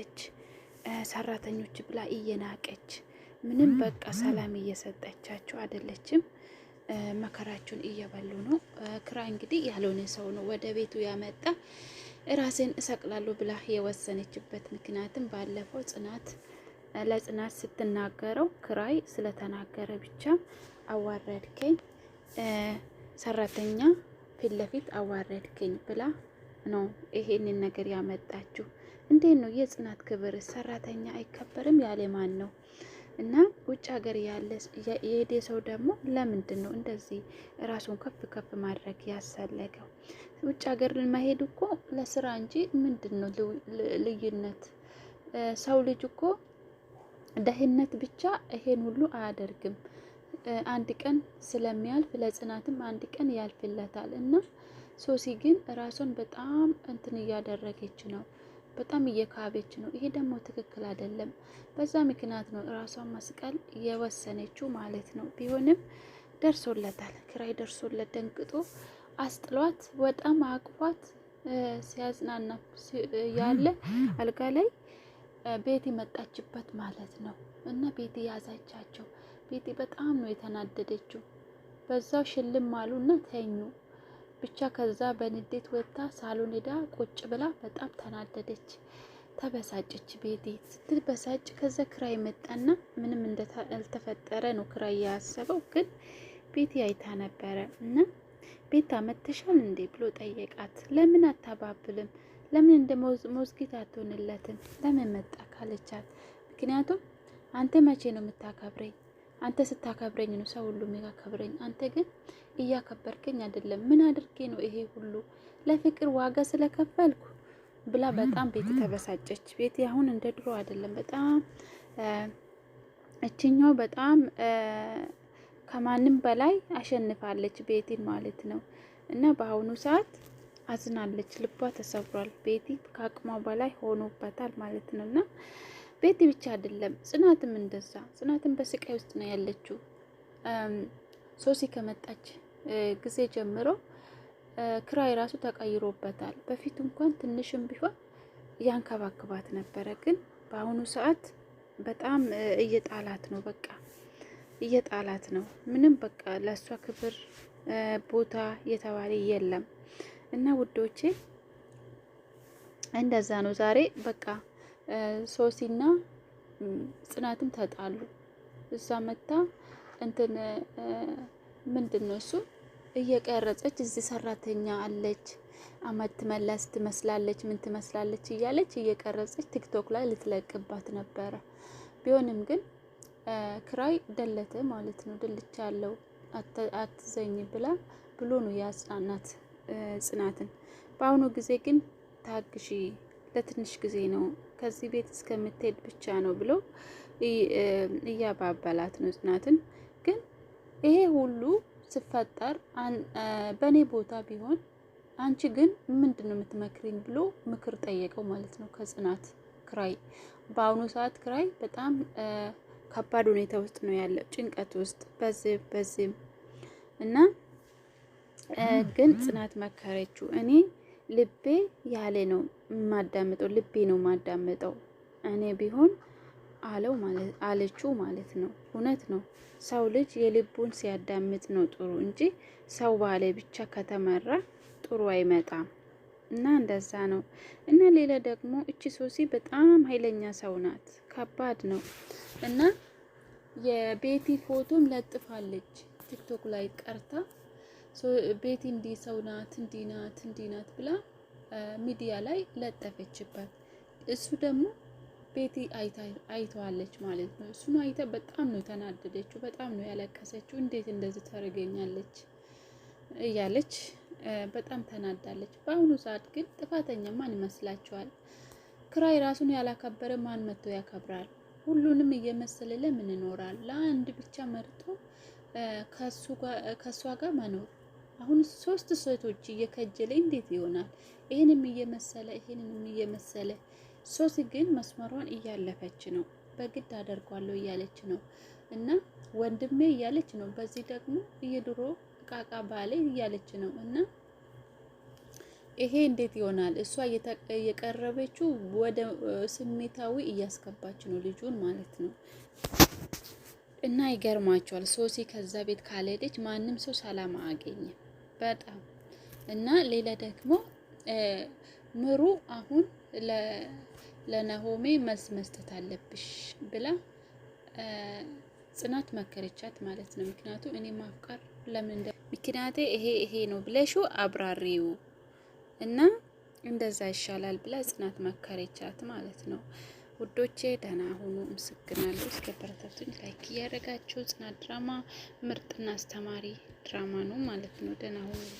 እየተናገረች ሰራተኞች ብላ እየናቀች ምንም በቃ ሰላም እየሰጠቻቸው አይደለችም። መከራቸውን እየበሉ ነው። ክራይ እንግዲህ ያልሆነ ሰው ነው ወደ ቤቱ ያመጣ። ራሴን እሰቅላለሁ ብላ የወሰነችበት ምክንያትም ባለፈው ጽናት ለጽናት ስትናገረው ክራይ ስለተናገረ ብቻ አዋረድከኝ፣ ሰራተኛ ፊት ለፊት አዋረድከኝ ብላ ነው ይሄንን ነገር ያመጣችሁ። እንዴት ነው የጽናት ክብር? ሰራተኛ አይከበርም ያለ ማን ነው? እና ውጭ ሀገር ያለ የሄደ ሰው ደግሞ ለምንድን ነው እንደዚህ ራሱን ከፍ ከፍ ማድረግ ያሳለገው? ውጭ ሀገር መሄድ እኮ ለስራ እንጂ ምንድን ነው ልዩነት? ሰው ልጅ እኮ ደህነት ብቻ ይሄን ሁሉ አያደርግም። አንድ ቀን ስለሚያልፍ ለጽናትም አንድ ቀን ያልፍለታል። እና ሶሲ ግን ራሷን በጣም እንትን እያደረገች ነው በጣም እየካበች ነው። ይሄ ደግሞ ትክክል አይደለም። በዛ ምክንያት ነው ራሷን መስቀል የወሰነችው ማለት ነው። ቢሆንም ደርሶለታል። ክራይ ደርሶለት ደንግጦ አስጥሏት በጣም አቅፏት ሲያዝናና ያለ አልጋ ላይ ቤቲ መጣችበት ማለት ነው። እና ቤቲ ያዛቻቸው። ቤቲ በጣም ነው የተናደደችው። በዛው ሽልም እና ተኙ። ብቻ ከዛ በንዴት ወጥታ ሳሎን ሄዳ ቁጭ ብላ በጣም ተናደደች፣ ተበሳጨች። ቤቲ ስትበሳጭ ከዛ ክራይ መጣና ምንም እንዳልተፈጠረ ነው ክራይ ያሰበው። ግን ቤቲ አይታ ነበረ እና ቤት መተሻል እንዴ ብሎ ጠየቃት። ለምን አታባብልም? ለምን እንደ ሞዝጊት አትሆንለትም? ለምን መጣ ካለቻት፣ ምክንያቱም አንተ መቼ ነው የምታከብረኝ? አንተ ስታከብረኝ ነው ሰው ሁሉ የሚያከብረኝ። አንተ ግን እያከበርክኝ አይደለም። ምን አድርጌ ነው ይሄ ሁሉ ለፍቅር ዋጋ ስለከፈልኩ ብላ በጣም ቤት ተበሳጨች። ቤት አሁን እንደ ድሮ አይደለም። በጣም እችኛው በጣም ከማንም በላይ አሸንፋለች ቤቲን ማለት ነው። እና በአሁኑ ሰዓት አዝናለች፣ ልቧ ተሰብሯል። ቤቲ ከአቅሟ በላይ ሆኖበታል ማለት ነው። እና ቤቲ ብቻ አይደለም ጽናትም እንደዛ ጽናትም በስቃይ ውስጥ ነው ያለችው። ሶሲ ከመጣች ጊዜ ጀምሮ ክራይ ራሱ ተቀይሮበታል። በፊት እንኳን ትንሽም ቢሆን ያንከባክባት ነበረ፣ ግን በአሁኑ ሰዓት በጣም እየጣላት ነው። በቃ እየጣላት ነው። ምንም በቃ ለእሷ ክብር ቦታ የተባለ የለም። እና ውዶቼ እንደዛ ነው። ዛሬ በቃ ሶሲና ጽናትም ተጣሉ። እዛ መታ እንትን ምንድን ነው እሱ እየቀረጸች እዚህ ሰራተኛ አለች አመት ትመላስ ትመስላለች፣ ምን ትመስላለች እያለች እየቀረጸች ቲክቶክ ላይ ልትለቅባት ነበረ። ቢሆንም ግን ክራይ ደለተ ማለት ነው ድልቻ ያለው አትዘኝ ብላ ብሎ ነው የአጽናናት ጽናትን። በአሁኑ ጊዜ ግን ታግሺ፣ ለትንሽ ጊዜ ነው ከዚህ ቤት እስከምትሄድ ብቻ ነው ብሎ እያባባላት ነው ጽናትን። ግን ይሄ ሁሉ ስፈጠር በእኔ ቦታ ቢሆን አንቺ ግን ምንድን ነው የምትመክሪኝ ብሎ ምክር ጠየቀው ማለት ነው ከጽናት ክራይ። በአሁኑ ሰዓት ክራይ በጣም ከባድ ሁኔታ ውስጥ ነው ያለው፣ ጭንቀት ውስጥ በዚህ በዚህም እና ግን ጽናት መከረችው። እኔ ልቤ ያለ ነው የማዳምጠው፣ ልቤ ነው የማዳምጠው እኔ ቢሆን አለው አለችው ማለት ነው። እውነት ነው። ሰው ልጅ የልቡን ሲያዳምጥ ነው ጥሩ እንጂ ሰው ባለ ብቻ ከተመራ ጥሩ አይመጣም። እና እንደዛ ነው። እና ሌላ ደግሞ እቺ ሶሲ በጣም ኃይለኛ ሰው ናት። ከባድ ነው። እና የቤቲ ፎቶም ለጥፋለች ቲክቶክ ላይ ቀርታ ቤቲ እንዲ ሰው ናት እንዲናት እንዲናት ብላ ሚዲያ ላይ ለጠፈችበት። እሱ ደግሞ ቤቲ አይተዋለች ማለት ነው። እሱን አይተ በጣም ነው ተናደደችው፣ በጣም ነው ያለቀሰችው። እንዴት እንደዚህ ታደርገኛለች እያለች በጣም ተናዳለች። በአሁኑ ሰዓት ግን ጥፋተኛ ማን ይመስላችኋል? ክራይ ራሱን ያላከበረ ማን መጥቶ ያከብራል? ሁሉንም እየመሰለ ለምን ይኖራል? ለአንድ ብቻ መርጦ ከእሷ ጋር መኖር አሁን ሶስት ሴቶች እየከጀለ እንዴት ይሆናል? ይህንም እየመሰለ ይህንንም እየመሰለ ሶሲ ግን መስመሯን እያለፈች ነው። በግድ አደርጓለሁ እያለች ነው እና ወንድሜ እያለች ነው። በዚህ ደግሞ የድሮ ቃቃ ባሌ እያለች ነው እና ይሄ እንዴት ይሆናል? እሷ የቀረበችው ወደ ስሜታዊ እያስገባች ነው ልጁን ማለት ነው። እና ይገርማቸዋል። ሶሲ ከዛ ቤት ካልሄደች ማንም ሰው ሰላም አያገኝም። በጣም እና ሌላ ደግሞ ምሩ አሁን ለነሆሜ መልስ መስጠት አለብሽ ብላ ጽናት መከረቻት ማለት ነው። ምክንያቱ እኔ ማፍቀር ለምን እንደ ምክንያቴ ይሄ ይሄ ነው ብለሽ አብራሪው እና እንደዛ ይሻላል ብላ ጽናት መከረቻት ማለት ነው። ውዶቼ ደህና ሁኑ። ምስግናለሁ። እስከ በረታቱኝ ላይክ እያደረጋችሁ ጽናት ድራማ ምርጥና አስተማሪ ድራማ ነው ማለት ነው። ደህና ሁኑ።